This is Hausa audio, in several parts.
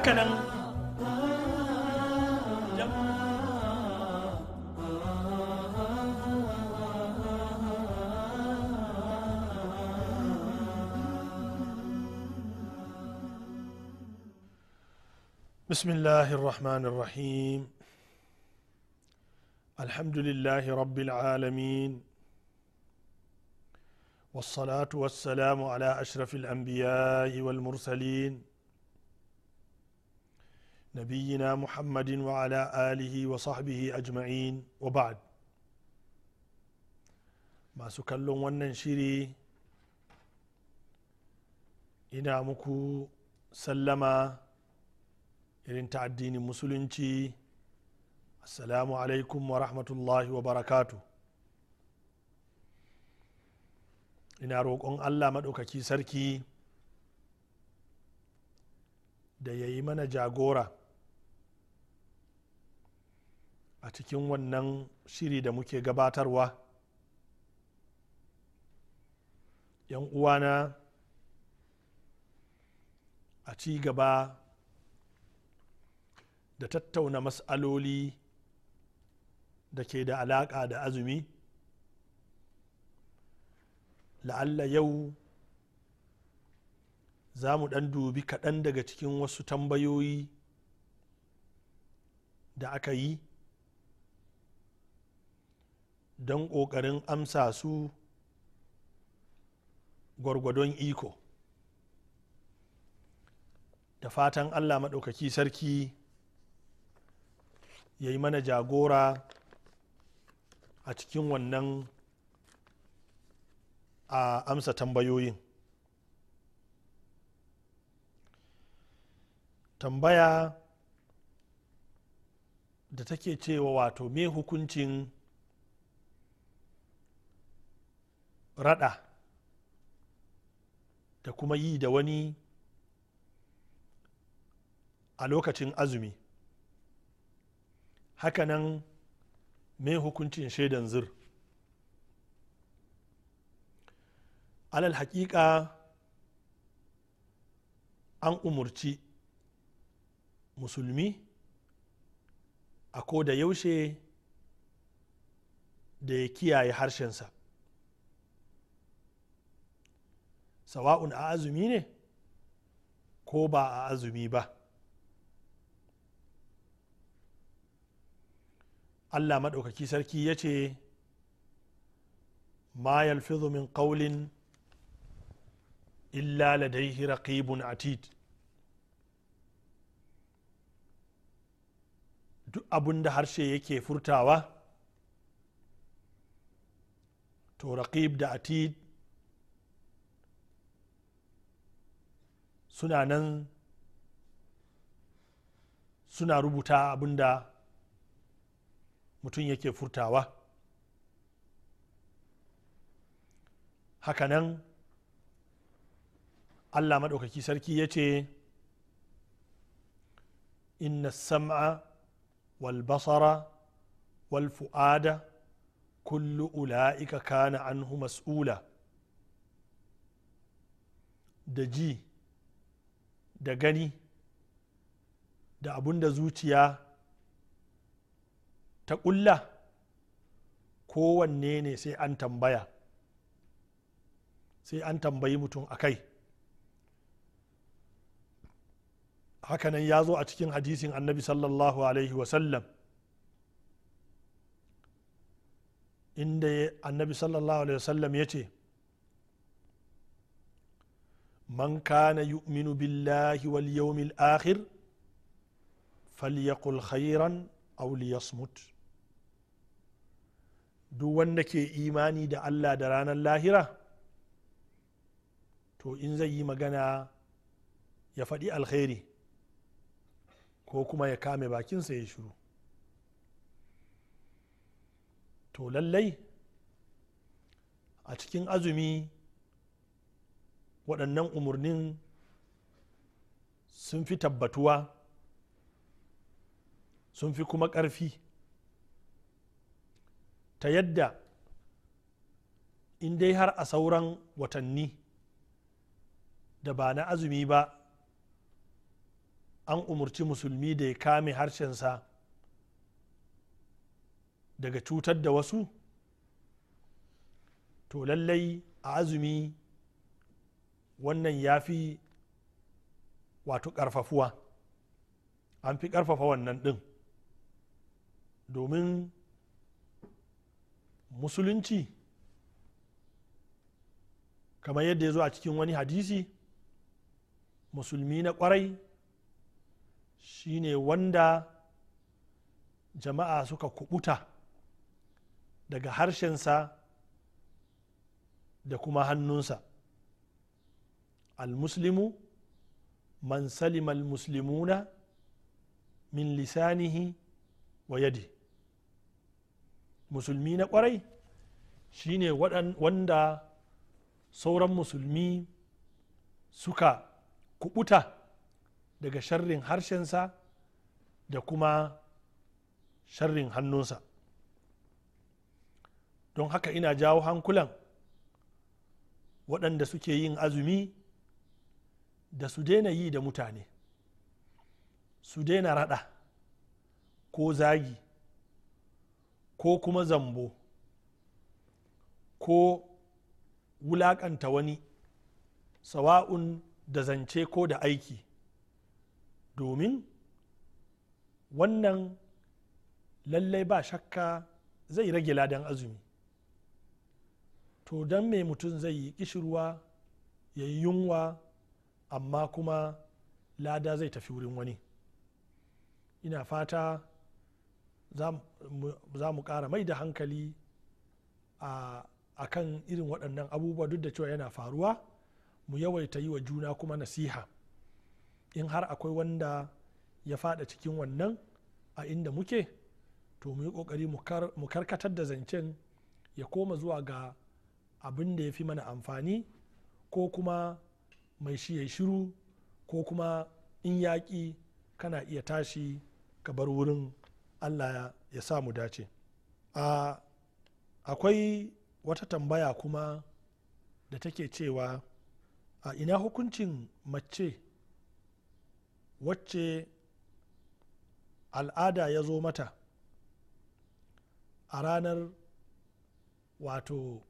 haka nan بسم الله الرحمن الرحيم الحمد لله رب العالمين والصلاه والسلام على اشرف الانبياء والمرسلين نبينا محمد wa آله وصحبه أجمعين وبعد Masu kallon wannan shiri ina muku sallama irin ta addinin musulunci assalamu alaikum wa rahmatullahi wa barakatu ina roƙon allah maɗaukaki sarki da ya yi mana jagora a cikin wannan shiri da muke gabatarwa yan uwana a ci gaba da tattauna matsaloli da ke da alaƙa da azumi la'alla yau za mu ɗan dubi kaɗan daga cikin wasu tambayoyi da aka yi don ƙoƙarin amsa su gwargwadon iko da fatan allah maɗaukaki sarki ya yi mana jagora a cikin wannan a amsa tambayoyin tambaya da take cewa wato me hukuncin Raɗa da kuma yi da wani a lokacin azumi hakanan mai hukuncin shaidan zir alal haƙiƙa an umurci musulmi a ko da yaushe da ya kiyaye harshensa sawa'un a azumi ne ko ba a azumi ba allah maɗaukaki sarki ya ce ma yalfizu min ƙaulin illa ladaihi raqibun atid duk abin da harshe yake furtawa to rakib da atid suna nan suna rubuta abinda mutum yake furtawa hakanan allah maɗaukaki sarki ya ce inna sam'a wal basara wal fu'ada kullu ula'ika kana anhu mas'ula da ji da gani da abun da zuciya ta ƙulla kowanne ne sai an tambaya sai an tambayi mutum a kai hakanan ya zo a cikin hadisin annabi sallallahu alaihi wasallam inda annabi sallallahu alaihi wasallam ya ce Manka na yu'minu billahi wal yawmil akhir falyaqul khairan aw liyasmut duk wanda ke imani da Allah da ranar lahira to in zai yi magana ya faɗi alheri ko kuma ya kame bakinsa ya shiru to lallai a cikin azumi waɗannan umarnin sun fi tabbatuwa sun fi kuma ƙarfi ta yadda in dai har a sauran watanni da ba na azumi ba an umarci musulmi da ya kame harshensa daga cutar da wasu to lallai a azumi wannan ya fi wato ƙarfafuwa an fi ƙarfafa wannan ɗin domin musulunci kamar yadda ya zo a cikin wani hadisi musulmi na kwarai shine wanda jama'a suka kubuta daga harshensa da kuma hannunsa Almuslimu من سلم المسلمون min lisanihi wa yadi musulmi na kwarai shine wanda sauran musulmi suka kuɓuta daga sharrin harshensa da kuma sharrin hannunsa don haka ina jawo hankulan waɗanda suke yin azumi da su daina yi da mutane su daina rada ko zagi ko kuma zambo ko wulakanta wani sawa'un da zance ko da aiki domin wannan lallai ba shakka zai rage ladan azumi to don me mutum zai yi kishirwa ya yi yunwa amma kuma lada zai tafi wurin wani ina fata za mu ƙara mai da hankali a kan irin waɗannan abubuwa duk da cewa yana faruwa mu yawaita yi wa juna kuma nasiha in har akwai wanda ya fada cikin wannan a inda muke to mu yi ƙoƙari mu karkatar da zancen ya koma zuwa ga abin da ya fi mana amfani ko kuma mai shi ya shiru ko kuma in yaƙi kana iya tashi ka bar wurin allah ya sa mu dace A akwai wata tambaya kuma da take cewa a ina hukuncin mace wacce al'ada ya zo mata a ranar wato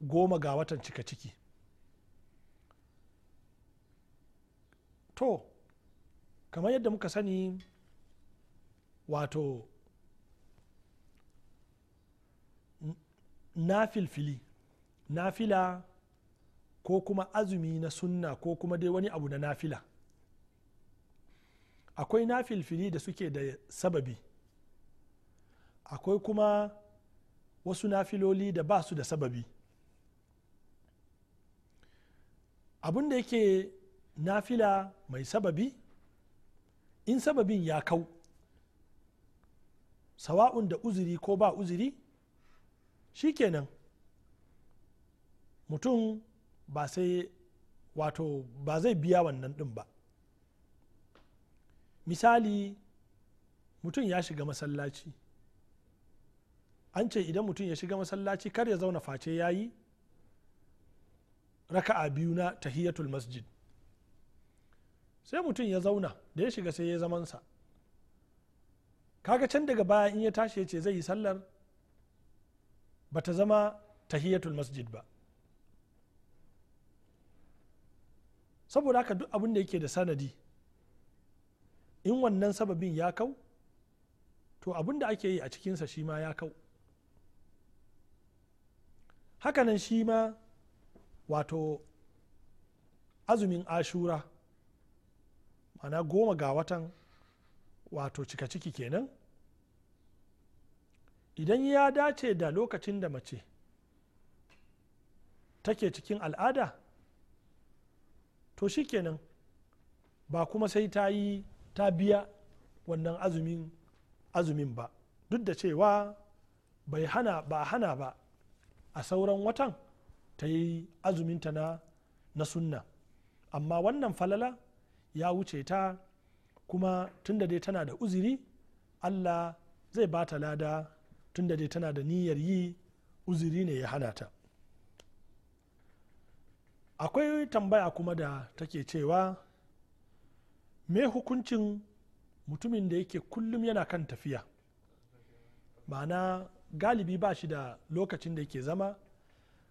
goma ga watan cika ciki to kamar yadda muka sani wato nafilfili, nafila ko kuma azumi na sunna ko kuma dai wani abu na nafila akwai nafilfili da suke da sababi akwai kuma wasu nafiloli da ba su da sababi abin da yake nafila mai sababi in sababin ya kau sawa'un da uzuri ko ba uzuri shikenan mutum ba sai wato ba zai biya wannan din ba misali mutum ya shiga masallaci an ce idan mutum ya shiga masallaci kar ya zauna face ya yi raka'a biyu na tahiyatul masjid sai mutum ya zauna da ya shiga sai ya zamansa kaga can daga baya in ya tashi ya ce zai yi sallar ba ta zama tahiyatul masjid ba saboda haka duk abin da yake da sanadi in wannan sababin ya kau to abin da ake yi a cikinsa shi ma ya kau hakanan shi ma wato azumin ashura mana goma ga watan wato cika ciki kenan idan ya dace da lokacin da mace take cikin al'ada to shi kenan ba kuma sai ta yi ta biya wannan azumin azumin ba duk da cewa bai hana ba hana ba a sauran watan ta yi azuminta na na sunna amma wannan falala ya wuce ta kuma tunda dai tana da uzuri allah zai ba ta lada tunda dai tana da niyyar yi uzuri ne ya hana ta akwai tambaya kuma da take cewa me hukuncin mutumin da yake kullum yana kan tafiya ma'ana galibi ba shi da lokacin da yake zama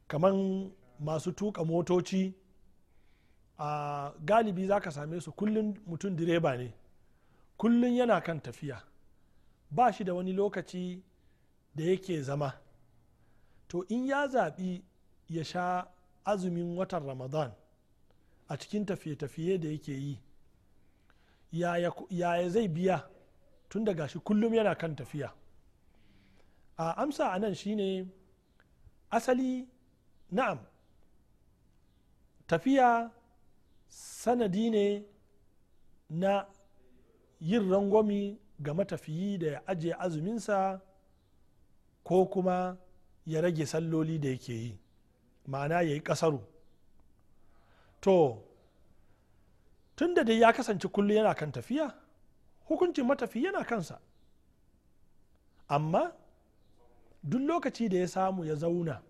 kaman masu tuka motoci a galibi za ka same su kullum mutum direba ne kullum yana kan tafiya ba shi da wani lokaci da yake zama to in ya zaɓi ya sha azumin watan ramadan a cikin tafiye-tafiye da yake yi yaya zai biya tun daga shi kullum yana kan tafiya a amsa a nan shi ne asali na'am tafiya sanadi ne na yin rangwami ga matafiyi da ya ajiye azuminsa ko kuma ya rage salloli da yake yi ma'ana ya yi kasaru to tun da dai ya kasance kullum yana kan tafiya hukuncin matafi yana kansa amma duk lokaci da ya samu ya zauna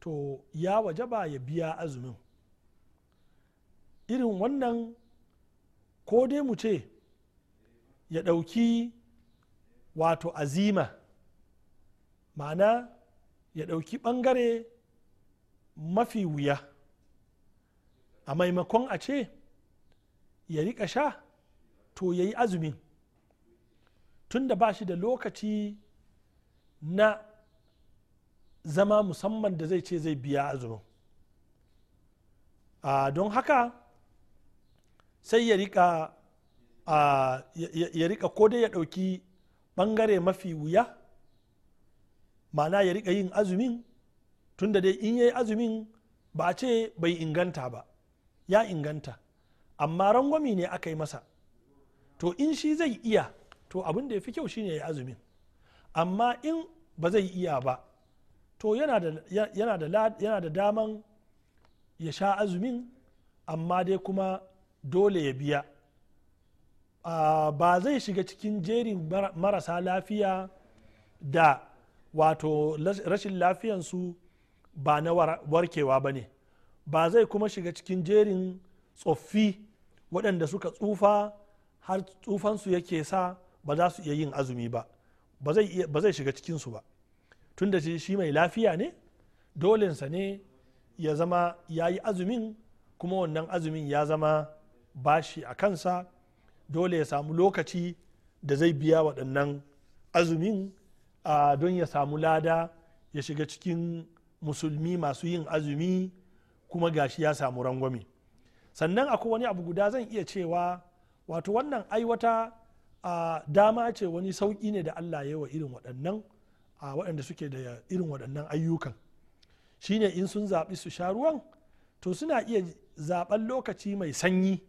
to ya wajaba ya biya azumin irin wannan ko dai mu ce ya ɗauki wato azima ma'ana ya ɗauki ɓangare mafi wuya a maimakon a ce ya riƙa sha to ya yi azumin da ba shi da lokaci na zama musamman da zai ce zai biya azumin don haka sai ya rika ko dai ya ɗauki bangare mafi wuya ma'ana ya rika yin azumin tunda dai in yi azumin ba a ce bai inganta ba ya inganta amma rangwami ne aka yi masa to in shi zai iya to abin da ya fi kyau shine ya yi azumin amma in ba zai iya ba to yana da daman ya sha azumin amma dai kuma dole ya biya ba zai shiga cikin jerin marasa lafiya da wato rashin lafiyansu ba na warkewa ba ne ba zai kuma shiga cikin jerin tsoffi waɗanda suka tsufa har tsufansu yake sa ba za su iya yin azumi ba ba zai shiga cikinsu ba tun da shi mai lafiya ne dolensa ne ya zama ya yi azumin kuma wannan azumin ya zama bashi a kansa dole ya samu lokaci da zai biya waɗannan azumin don ya samu lada ya shiga cikin musulmi masu yin azumi kuma gashi ya samu rangwami sannan akwai wani abu guda zan iya cewa wato wannan aiwata a dama ce wani sauƙi ne da allah ya wa irin waɗannan a waɗanda suke da irin waɗannan ayyukan shine in sun zaɓi su sha ruwan to suna iya zaɓen lokaci mai sanyi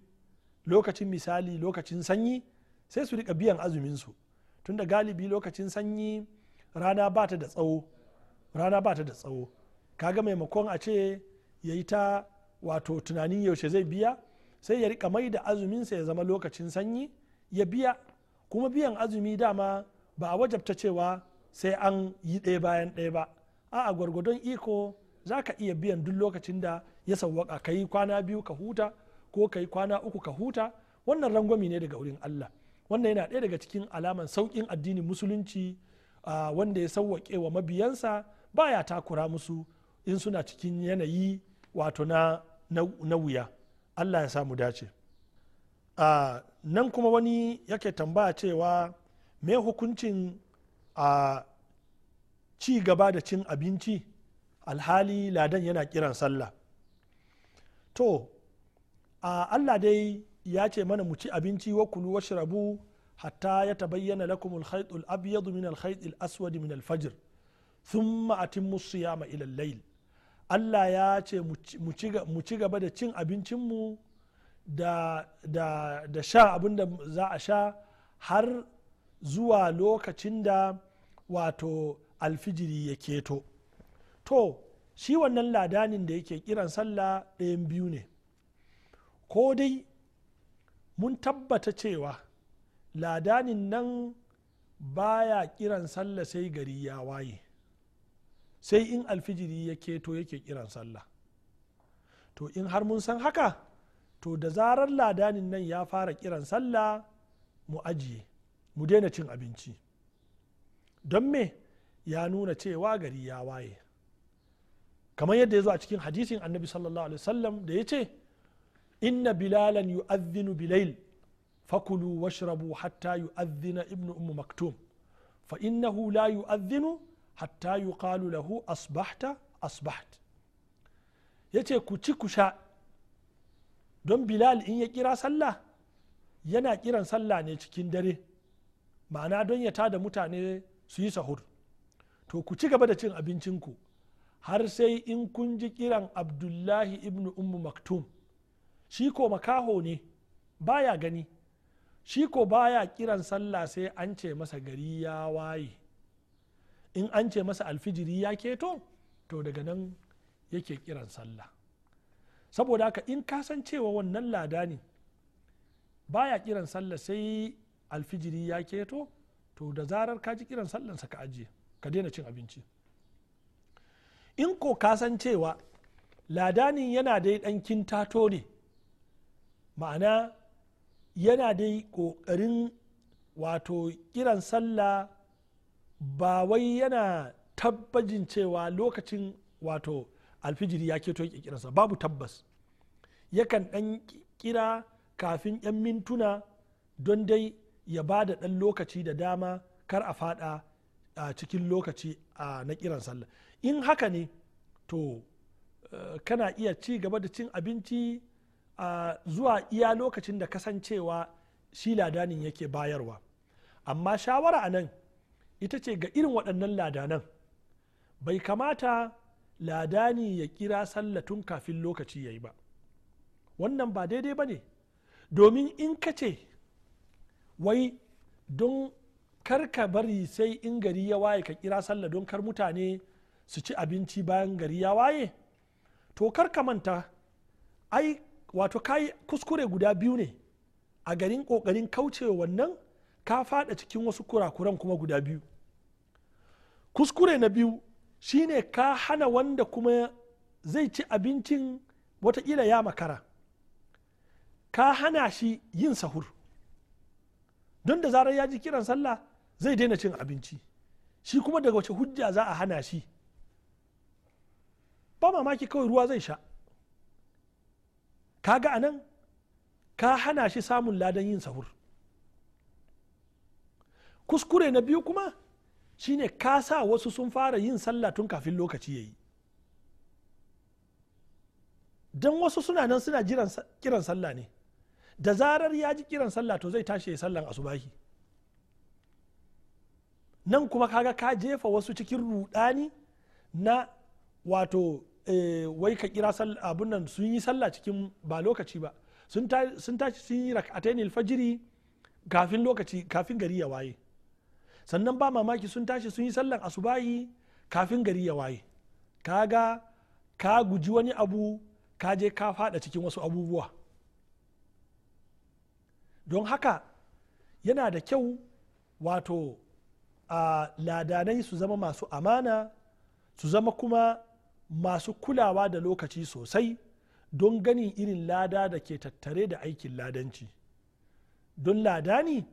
lokacin misali lokacin sanyi sai su rika biyan azumin su tunda galibi lokacin sanyi rana bata da tsawo rana ba da tsawo kaga maimakon a ce ya yi ta wato tunanin yaushe zai biya sai ya rika mai da azuminsa ya zama lokacin sanyi ya biya kuma biyan azumi dama ba a wajabta cewa sai an yi ɗaya bayan ɗaya ba a gwargwadon iko za ka iya biyan duk lokacin da ya sauwaka ka yi kwana biyu ka huta ko ka yi kwana uku ka huta wannan rangwami ne daga wurin allah wannan yana ɗaya daga cikin alaman sauƙin addinin musulunci wanda ya sauwaƙe wa mabiyansa baya takura musu in suna cikin yanayi wato na wuya allah ya samu dace nan kuma wani yake tambaya cewa me hukuncin a ci gaba da cin abinci alhali ladan yana kiran sallah to a Allah dai ya ce mana mu ci abinci wa kulu wa shirabu hatta ya tabayyana lakum al-khayt al-abyad min al-khayt al-aswad min al-fajr thumma atimmu siyama ila al-layl Allah ya ce mu ci gaba da cin abincinmu da, da, da sha abin da za a sha har zuwa lokacin da wato alfijiri ya keto to shi wannan ladanin da yake kiran sallah ɗayan biyu ne ko dai mun tabbata cewa ladanin nan baya kiran sallah sai gari ya waye sai in alfijiri ya keto yake kiran sallah to in har mun san haka to da zarar ladanin nan ya fara kiran sallah mu ajiye mu daina cin abinci don me ya nuna cewa gari ya waye kamar yadda ya zo a cikin hadisin annabi sallallahu alaihi wasallam da ya ce inna bilalan yu'adhdhinu bilail fakulu washrabu hatta yu'adhdhina ibnu ummu maktum fa innahu la yu'adhdhinu hatta yuqalu lahu asbahta asbaht yace ku ci ku sha don bilal in ya kira sallah yana kiran sallah ne cikin dare ma'ana don ya tada mutane su yi sahur to ku ci gaba da cin abincinku har sai in kun ji kiran abdullahi ibnu ummu maktum shi ko makaho ne baya gani shi ko baya kiran sallah sai an ce masa gari ya waye in an ce masa alfijiri ya keto to daga nan yake kiran sallah saboda haka in ka cewa wannan lada ne baya kiran sallah sai alfijiri ya keto to da zarar ka ji kiran sallansa ka ajiye ka daina cin abinci in ko ka cewa ladanin yana dai dan kintato ne ma'ana yana dai ƙoƙarin wato kiran sallah ba wai yana tabbajin cewa lokacin wato alfijiri ya keto ya kiransa babu tabbas yakan ɗan kira kafin 'yan mintuna don dai ya ba da ɗan lokaci da dama kar a fada a cikin lokaci a na kiran sallah in haka ne to eh, kana iya ci gaba da cin abinci zuwa iya lokacin da kasancewa shi ladanin yake bayarwa amma shawara a nan ita ce ga irin waɗannan ladanan bai kamata ladani ya kira sallatun kafin lokaci ya yi ba wannan ba daidai ba ne domin in ka ce wai don karka bari sai in gari ya waye ka kira sallah don kar mutane su ci abinci bayan gari ya waye to karka manta ai wato kai kuskure guda biyu ne a garin kokarin kauce wannan ka fada cikin wasu kurakuran kuma guda biyu kuskure na biyu shine ka hana wanda kuma zai ci abincin watakila ya makara ka hana shi yin sahur don da zarar ya ji kiran sallah zai daina cin abinci shi kuma daga wace hujja za a hana shi ba mamaki kawai ruwa zai sha ka kaga anan ka hana shi samun ladan yin sahur kuskure na biyu kuma shine ka sa wasu sun fara yin sallah tun kafin lokaci ya yi don wasu suna nan suna jiran kiran sallah ne da zarar ya ji kiran sallah to zai tashi ya sallan asubahi nan kuma kaga ka jefa wasu cikin rudani na wato Eh, wai ka kira abun nan sun yi sallah cikin ba lokaci ba sun tashi sun yi rak'atainil fajiri kafin lokaci kafin gari ya waye sannan ba mamaki sun tashi sun yi sallar asubahi kafin gari ya waye kaga ka guji wani abu ka je ka fada cikin wasu abubuwa don haka yana da kyau wato a ladanai su zama masu amana su zama kuma masu kulawa da lokaci sosai don ganin irin lada da ke tattare da aikin ladanci don lada ladani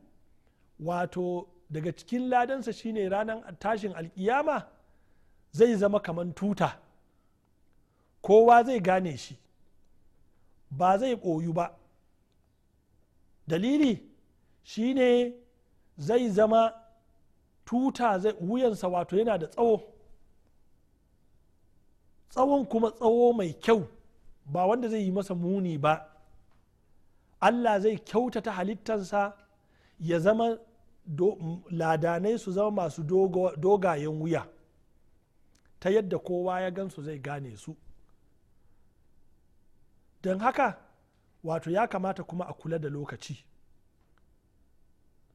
wato daga cikin ladansa shine ranar tashin alkiyama zai zama kaman tuta kowa zai gane shi ba zai koyu ba dalili shine zai zama tuta wuyansa wato yana da tsawo tsawon kuma tsawo mai kyau ba wanda zai yi masa muni ba allah zai kyautata halittansa ya zama ladanai su zama masu dogayen wuya ta yadda kowa ya gansu zai gane su don haka wato ya kamata kuma a kula da lokaci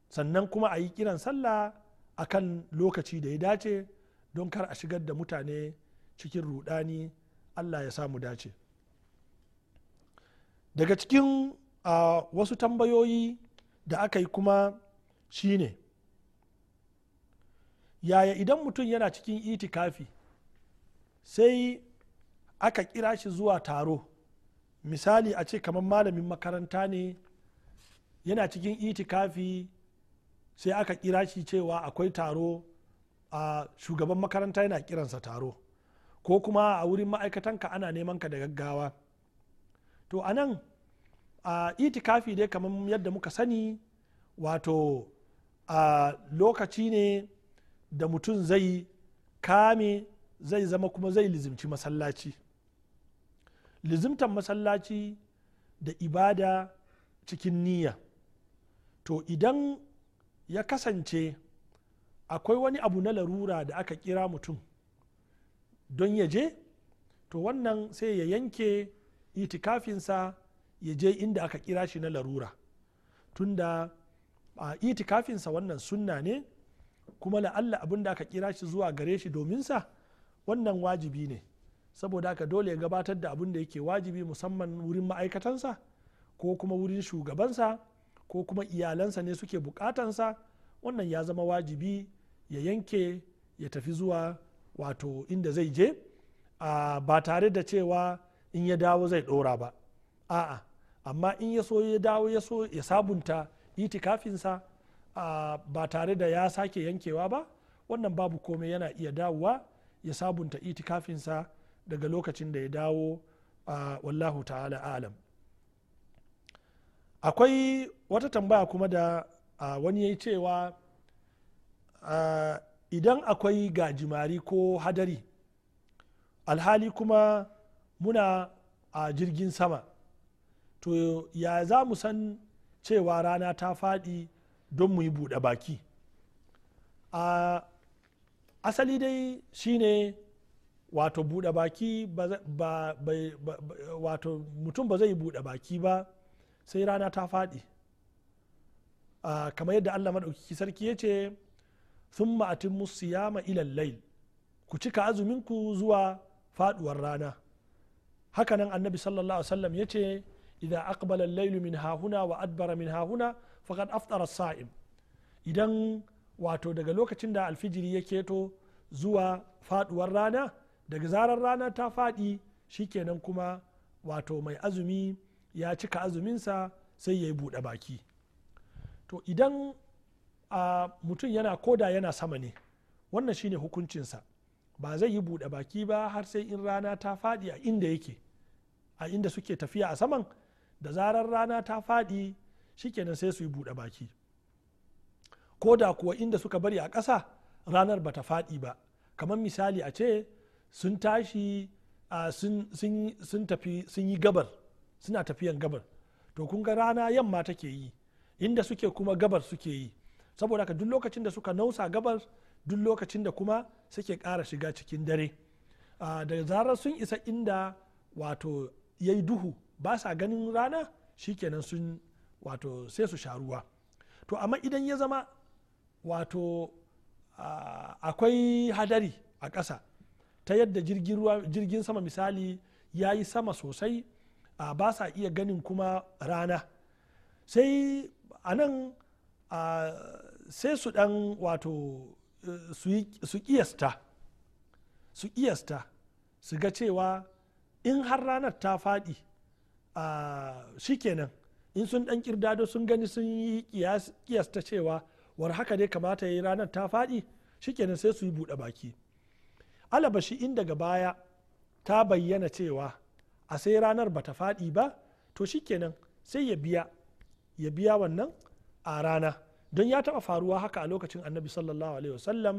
sannan kuma a yi kiran sallah a kan lokaci da ya dace don kar a shigar da mutane cikin rudani allah ya samu dace daga cikin uh, wasu tambayoyi da aka yi kuma shine yaya idan mutum yana cikin itikafi sai aka kira shi zuwa taro misali a ce kamar malamin makaranta ne yana cikin itikafi sai aka kira shi cewa akwai taro a shugaban makaranta yana kiransa taro ko kuma a wurin ma'aikatanka ana neman ka da gaggawa to a nan a itikafi dai kamar yadda muka sani wato a lokaci ne da mutum zai kame zai zama kuma zai lizimci masallaci lizimtan masallaci da ibada cikin niyya to idan ya kasance akwai wani abu na larura da aka kira mutum don ya je to wannan sai ya yanke itikafinsa ya je inda aka kira shi na larura tunda a itikafinsa wannan sunna ne kuma la'alla abin da aka kira shi zuwa gare shi sa wannan wajibi ne saboda haka dole ya gabatar da abin da yake wajibi musamman wurin ma'aikatansa ko kuma wurin shugabansa ko kuma iyalansa ne suke bukatansa wannan ya zama wajibi ya yanke ya tafi zuwa wato inda zai je ba tare da cewa in ya dawo zai ɗora ba a'a amma in ya so ya dawo ya so ya sabunta itikafinsa ba tare da ya sake yankewa ba wannan babu komai yana iya dawowa ya sabunta itikafinsa daga lokacin da ya dawo a wallahu ta'ala alam akwai wata tambaya kuma da wani ya yi cewa idan akwai gajimari ko hadari alhali kuma muna a jirgin sama to ya za mu san cewa rana ta faɗi don mu yi buɗe baki a asali dai shine wato buɗe baki wato mutum ba zai buɗe baki ba sai rana ta faɗi kamar yadda allah maɗauki sarki ya ce sun ma'atin musu yama ilallai ku cika azuminku zuwa faduwar rana hakanan annabi sallallahu wasallam ya ce idan aqbala lailu min hahuna wa adbara min hahuna faqad aftara sa'im idan wato daga lokacin da alfijiri ya keto zuwa faduwar rana daga zarar rana ta faɗi shikenan kuma wato mai azumi ya cika azuminsa sai ya yi buɗe baki to idan a mutum yana koda yana sama ne wannan shine hukuncinsa ba zai yi buɗe baki ba har sai in rana ta faɗi a inda yake a inda suke tafiya a saman da zarar rana ta faɗi kenan sai su yi buɗe baki ko da kuwa inda suka bari a ƙasa ranar ba ta faɗi ba kamar misali a ce sun tashi sun sun yi gabar suna tafiyan gabar to kun ga rana yamma take yi inda suke kuma gabar suke yi saboda haka duk lokacin da suka nausa gabas duk lokacin da kuma suke ƙara shiga cikin dare ah, da zarar sun isa inda wato ya yi duhu ba sa ganin rana shikenan sun wato sai su sha ruwa to amma idan ya zama wato ah, akwai hadari a ƙasa ta yadda jirgin sama misali ya yi sama sosai ah, ba sa iya ganin kuma rana sai a nan sai su dan wato eh, su kiyasta su kiyasta su ga cewa in har ranar ta fadi shi kenan in sun dan kirdado sun gani sun yi kiyasta cewa war haka dai kamata ya yi ranar ta fadi shikenan sai su yi bude baki alaba shi in daga baya ta bayyana cewa a sai ranar bata fadi ba to shi sai ya biya ya biya wannan a rana don ya taɓa faruwa haka a lokacin annabi sallallahu alaihi wasallam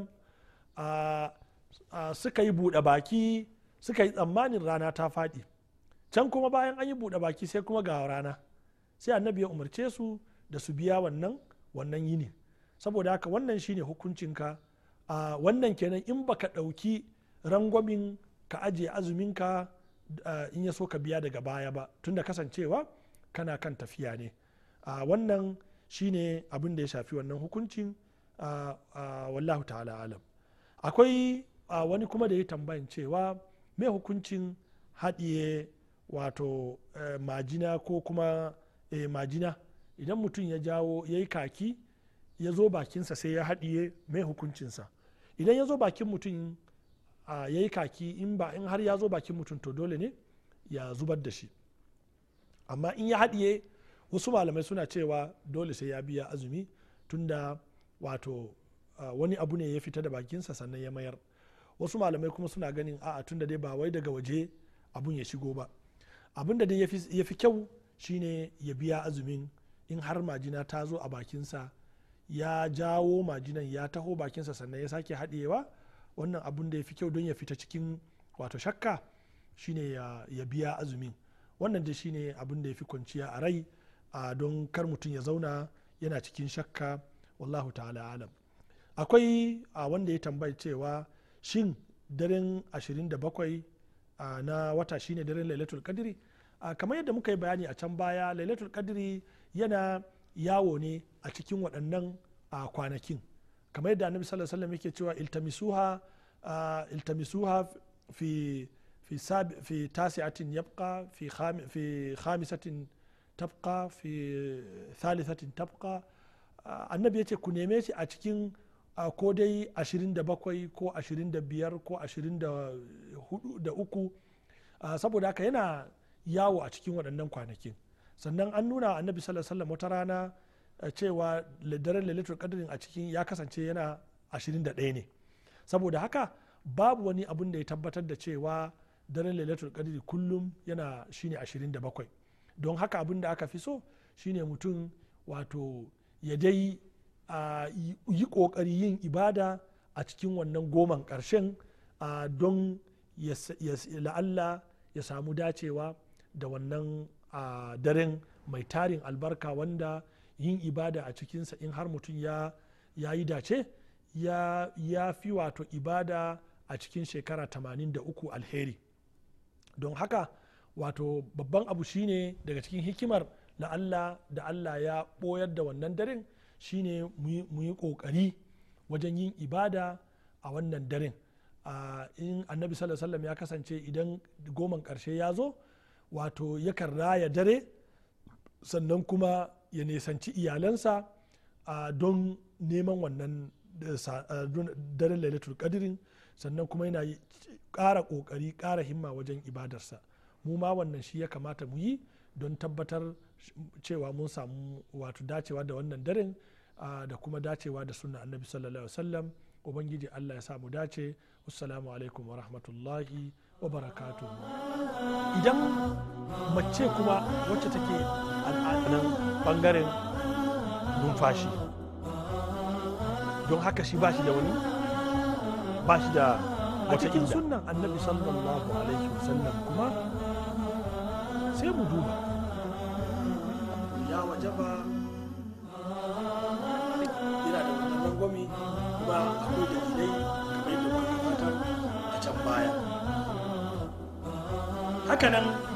suka yi buɗe baki suka yi tsammanin rana ta faɗi can kuma bayan an yi buɗe baki sai kuma ga rana sai annabi ya umarce su da su biya wannan wannan yini saboda haka wannan shine hukuncinka a wannan kenan in baka ɗauki rangwamin ka ajiye azuminka in ya so ka biya daga baya ba tunda kasancewa kana kan tafiya ne a wannan shine abin da ya shafi wannan hukuncin wallahu ta'ala alam akwai wani kuma da ya tambayin cewa me hukuncin haɗiye wato eh, majina ko kuma eh, majina idan mutum ya jawo ya yi kaki ya zo bakinsa sai ya haɗiye mai hukuncinsa idan ya zo bakin mutum ya yi kaki in ba in har ya zo bakin mutum to dole ne ya zubar da shi amma in ya haɗiye wasu malamai suna cewa dole sai ya biya azumi tunda wato uh, wani abu ne ya fita da bakinsa sannan ya mayar wasu malamai kuma suna ganin a'a tunda dai ba wai daga waje abun ya shigo ba abin da dai ya fi kyau shine ya biya azumin in har majina ta zo a bakinsa ya jawo majinan ya taho bakinsa sannan ya sake haɗewa wannan abun da ya fi kyau don ya fita cikin wato shakka shine ya, biya azumin wannan dai shine abin da ya fi kwanciya a rai a don kar mutum ya zauna yana cikin shakka wallahu ta'ala alam akwai a wanda ya tambayi cewa shin daren 27 na wata shine daren lailatul kadiri kamar yadda muka yi bayani a can baya lailatul kadiri yana yawo ne a cikin waɗannan kwanakin kamar yadda annabi sallallahu alaihi wasallam yake cewa iltamisuha iltamisuha fi fi fi tasi'atin yabqa fi khamisatin tafka fi thalithatin tafka ah, annabi ya ce ku neme shi a cikin ah, ko dai 27 ko 25 ko 23 ah, saboda haka yana yawo a cikin waɗannan kwanakin sannan an nuna annabi sallallahu alaihi wata rana cewa daren lailatul qadrin a cikin ya kasance yana 21 ne saboda haka babu wani abun da ya tabbatar da cewa daren lailatul qadri kullum yana shine 27 don haka abin da aka fi so shine mutum wato ya dai yi kokari yin ibada a cikin wannan goman ƙarshen don la'alla ya samu dacewa da wannan daren mai tarin albarka wanda yin ibada a cikinsa in har mutum ya yi dace ya, ya fi wato ibada a cikin shekara 83 alheri don haka wato babban abu shine daga cikin hikimar na allah da allah ya ɓoyar da wannan daren shine mu yi ƙoƙari wajen yin ibada a wannan daren in annabi sallallahu ya kasance idan goman ƙarshe ya zo wato yakan ya dare sannan kuma ya nisanci iyalansa don neman wannan daren lailatul kadirin sannan kuma yana ƙara ƙoƙari ƙara himma wajen ibadarsa mu ma wannan shi ya kamata mu yi don tabbatar cewa mun samu wato dacewa da wannan daren da kuma dacewa da sunan annabi sallallahu alaihi wasallam ubangiji allah ya samu dace assalamu alaikum wa rahmatullahi wa barakatu. idan mace kuma wacce take al'adunan bangaren numfashi don haka shi ba shi da wani ba shi da wata a cikin sunan annabi sallallahu alaihi wasallam kuma sai mu duba ya waje ba yana da wannan rangwami kuma akwai da gidai kamar yadda wani a can baya hakanan